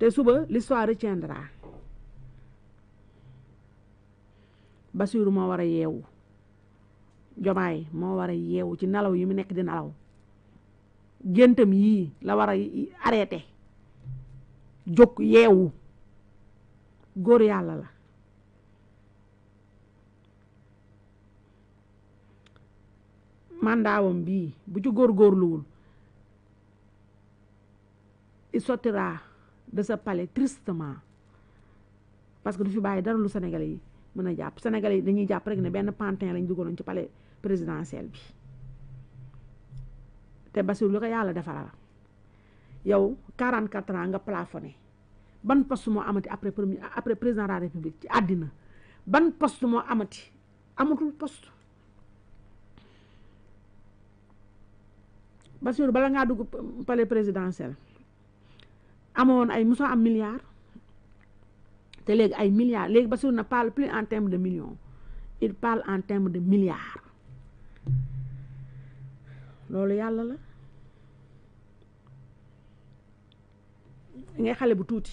te suba l'histoire retiendra Bassirou moo war a yeewu Jomaay moo war a yeewu ci nelaw yi mu nekk di nalaw géntam yii la war a arrêté jóg yeewu góor yàlla la màndaawam bii bu ci góorgóorluwul i sottira de pale palais tristement parce que du fi bàyyi dara lu Sénégalais yi mën a jàpp Sénégalais yi dañuy jàpp rek ne benn pantin lañ dugaloon ci palais présidentiel bi te Bassirou lu ko yàlla defaral yow 44 ans nga plafonné ban post moo amati après premier après président de la république ci àddina ban post moo amati amatul poste Bassirou bala ngaa dugg palais présidentiel. amoon ay mosoo am milliards te léegi ay milliards léegi Bassirou ne parle plus en termes de millions il parle en termes de milliards loolu yàlla la ngay xale bu tuuti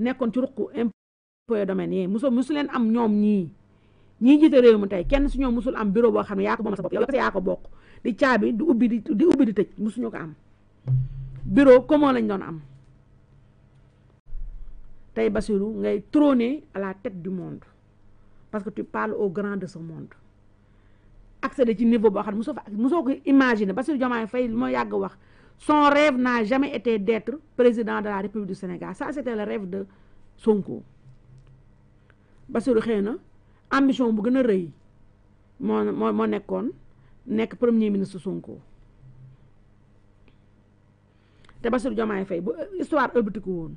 nekkoon ci ruq impôt domaine yi musu musu leen am ñoom ñii ñii jiite réew mi tey kenn su ñoom musul am bureau boo xam ne yaa ko moom sa bopp yow yaa ko di caabi di ubbi di di ubbi di tëj musuñu ko am bureau comment lañ doon am tay Bassirou ngay trôner à la tête du monde parce que tu parles aux grands de ce monde accéder ci niveau boo xam ne mosoo imaginer Bassirou Diomaye fay mo ma wax son rêve n'a jamais été d'être président de la République du Sénégal ça c'était le rêve de Sonko Bassirou xëy ambition bu gëna a mo mo moo moo premier ministre Sonko te Bassirou Diomaye fay bu euh, histoire ëlbatiku won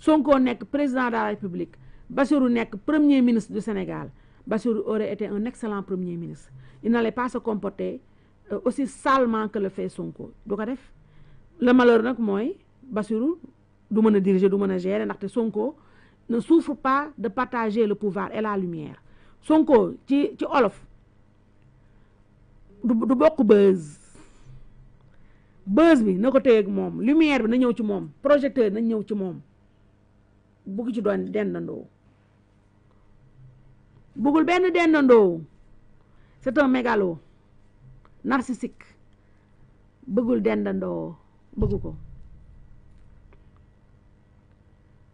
Sonko nek président de la République Bassirou nek premier ministre du Sénégal Bassirou aurait été un excellent premier ministre il n'allait pas se comporter euh, aussi salement que le fait Sonko def le malheur nak que Bassirou du meuna du meuna gérer Sonko ne souffre pas de partager le pouvoir et la lumière Sonko ci ci olof du bokk buzz buzz bi na ko téyeeg moom lumière bi na ñëw ci moom projecteur na ñëw ci moom bugg ci doon dendandoo buggul benn dendandoo c'est un mégalo narcissique bëggul dendandoo bëggu ko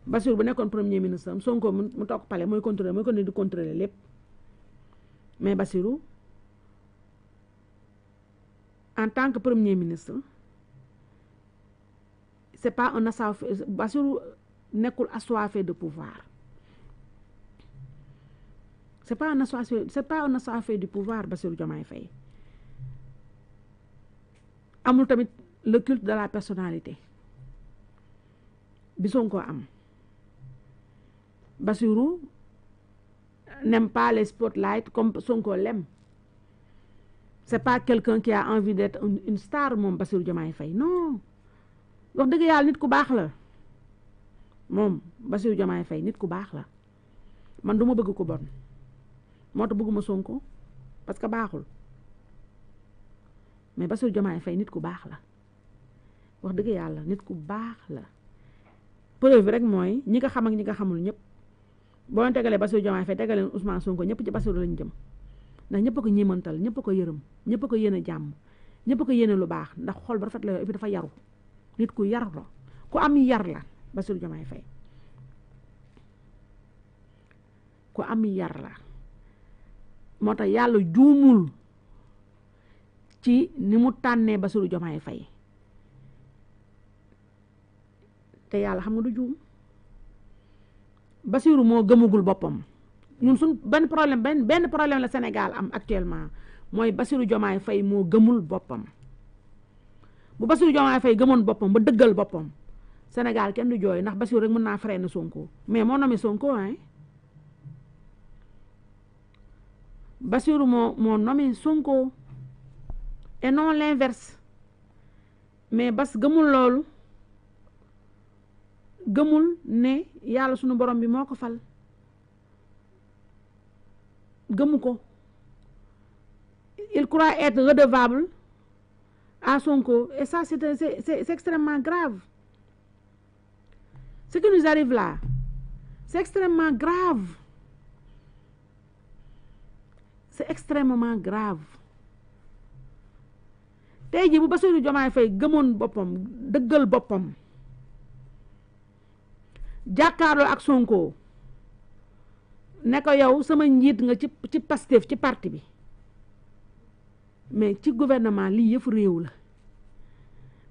Bassirou bu nekkoon premier ministre am Sonko mu toog palais mooy contrôler mooy kon di contrôler lépp mais Bassirou en tant que premier ministre c'est pas un assoiffé assoiffé de pouvoir c'est pas un assoiffé c'est pas un assoiffé du pouvoir Bassirou Jamai. fay amul tamit le culte de la personnalité Bisonko. Sonko am Bassirou n'aime pas les spotlights comme Sonko l'aime c'est pas quelqu'un qui a envie d'être une, star mon Bassirou Diomaye Faye non wax dëgg yàlla nit ku baax la moom Bassirou Diomaye fay nit ku baax la man du ma bëgg ko bon moo tax bëgguma Sonko parce que baaxul mais Bassirou Diomaye Faye nit ku baax la wax dëgg yàlla nit ku baax la preuve bi rek mooy ñi ko xam ak ñi nga xamul ñëpp boo leen tegalee Bassirou Diomaye Faye tegaleen Ousmane Sonko ñëpp ci Bassirou lañ jëm ndax ñëpp a ko ñimantal ñëpp ko yërëm ñëpp ko yéene jàmm ñëpp a ko yéene lu baax ndax xol ba rafet la yow dafa yaru nit ku yar la ku am yar la Bassirou Diomaye fay ku am yar la moo tax yàlla juumul ci ni mu tànnee Bassirou Diomaye fay te yàlla xam nga du juum Bassirou moo gëmagul boppam ñun suñ benn problème benn benn problème la Sénégal am actuellement mooy Bassirou Diomaye fay moo gëmul boppam bu Bassirou Diomaye Faye gëmoon boppam ba dëggal boppam Sénégal kenn du jooy ndax Bassirou rek mën naa freiné Sonko mais moo nommé Sonko Sonko et non l'inverse mais Bass gëmul loolu gëmul ne yàlla sunu borom bi moo ko fal gëmu ko il croit être redevable à Sonko. Et ça, c'est extrêmement grave. Ce qui nous arrive là, c'est extrêmement grave. C'est extrêmement grave. Tay jii bu bopam. fait ak Sonko ne yow sama nga mais ci gouvernement li yëfu réew la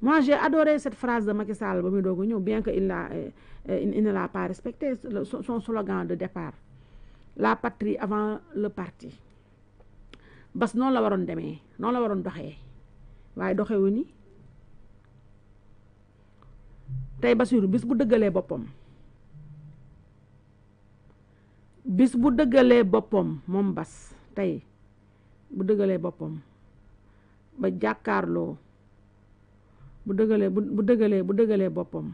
moi j'ai adoré cette phrase de Macky Sall ba dogu doog bien que il l'a euh, il ne l'a pas respecté son slogan de départ la patrie avant le parti bas non la waron démé non la waroon doxee waaye doxewu ni tay basir bis bu deugalé bopom. bis bu deugalé bopom, mom bas tay bu deugalé bopom. ba jàkkaarloo bu dëgalee bu dëgalee boppam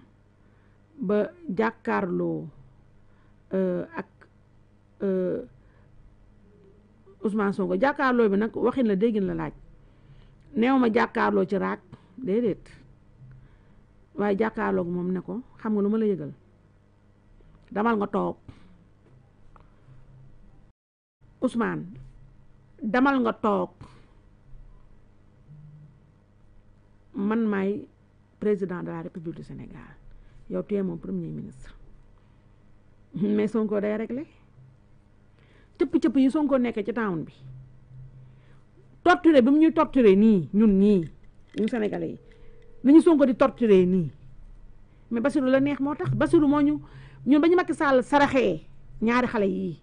ba jàkkaarloo euh, ak euh, Ousmane ko jàkkaarloo bi nag waxin la déggin la laaj neew ma jàkkaarloo ci raak déedéet waaye jàkkaarloo moom ne ko xam nga lu ma la yëgal demal nga toog Ousmane demal nga toog man may président de la république du Sénégal yow tu es mon premier ministre mais ko day réglé Tepp tepp yi ko nek ci town bi Torturer bimu ñuy torturer ni ñun ni ñu sénégalais yi ni ñu ko di torturer ni. mais Bassirou la neex motax tax Bassirou moo ñu ñun bañu ñu Macky Sall saraxee ñaari xalé yi.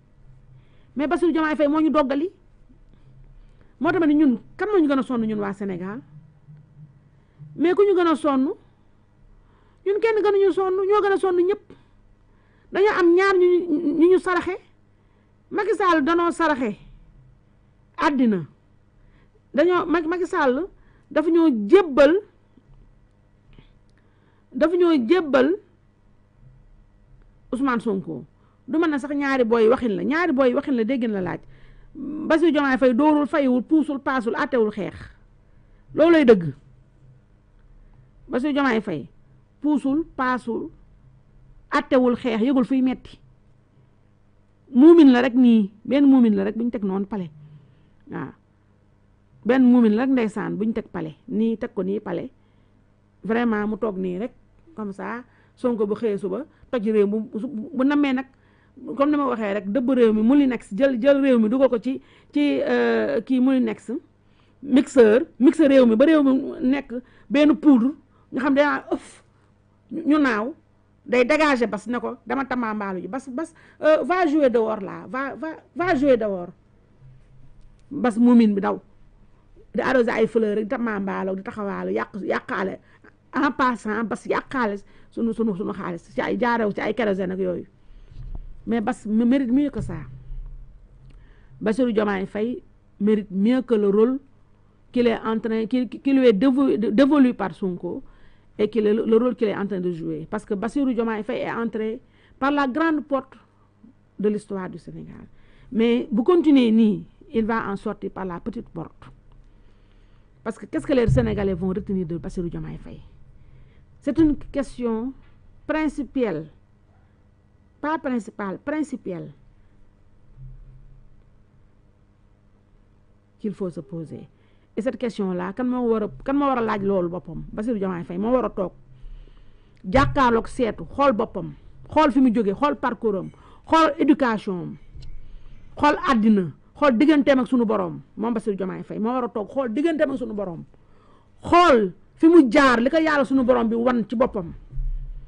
mais Bassirou Diomaye Faye moo ñu doggali moo tax ñun kan moo ñu gën a ñun wa Sénégal mais ku ñu gën a sonn ñun kenn gënuñu sonn ñoo gën a sonn ñëpp dañoo am ñaar ñu ñu ñu saraxe Macky Sall danoo saraxe àddina dañoo Macky Sall dafa ñoo jébbal dafa ñoo jébbal Ousmane Sonko du mën na sax ñaari booy waxin la ñaari booy waxin la dégg la laaj Bassirou Diomaye Faye doorul fayiwul puusul paasul àttewul xeex loolooy dëgg Bassirou Diomaye Faye puusul paasul attewul xeex yëgul fuy metti muumin la rek nii benn muumin la rek bu ñu teg noonu pale waaw benn muumin la rek ndeysaan bu ñu teg pale nii teg ko nii pale vraiment mu toog nii rek comme saa Sonko bu xëyee suba toj réew bu bu namee nag comme ni ma waxee rek dëbb réew mi Moulinex jël jël réew mi dugal ko ci ci euh, kii Moulinex mixeur mixeur réew mi ba réew mi nekk benn poudre ñu xam danaa ëf ñu naaw day dégager bas ne ko dama tamaambaalu ji bas bas euh, va jouer dehors là va va va jouer dehors bas mumin bi daw di arroser ay fleur rek di tamaambaalu di taxawaalu yàq yàqaale en passant bas yàqaale sunu su sunu xaalis si ay jaarew ci ay kérosène nag yooyu mais bas mérite mieux que ça Bassirou Diomaye Faye mérite mieux que le rôle qu'il est en train qu'il par Sonko et que le, rôle qu'il est en train de jouer. Parce que Bassirou Diomaye est entré par la grande porte de l'histoire du Sénégal. Mais vous continuez ni, il va en sortir par la petite porte. Parce que qu'est-ce que les Sénégalais vont retenir de Bassirou Diomaye Faye C'est une question principielle, pas principale, principielle qu'il faut se poser. et cette question laa kan moo war a kan moo war a laaj loolu boppam Bassirou Diomaye Faye moo war a toog jàkkaarloog seetu xool boppam xool fi mu jógee xool parcours am xool éducation xool àddina xool digganteem ak sunu borom moom Bassirou Diomaye fay moo war a toog xool digganteem ak sunu borom xool fi mu jaar li ko yàlla sunu borom bi wan ci boppam.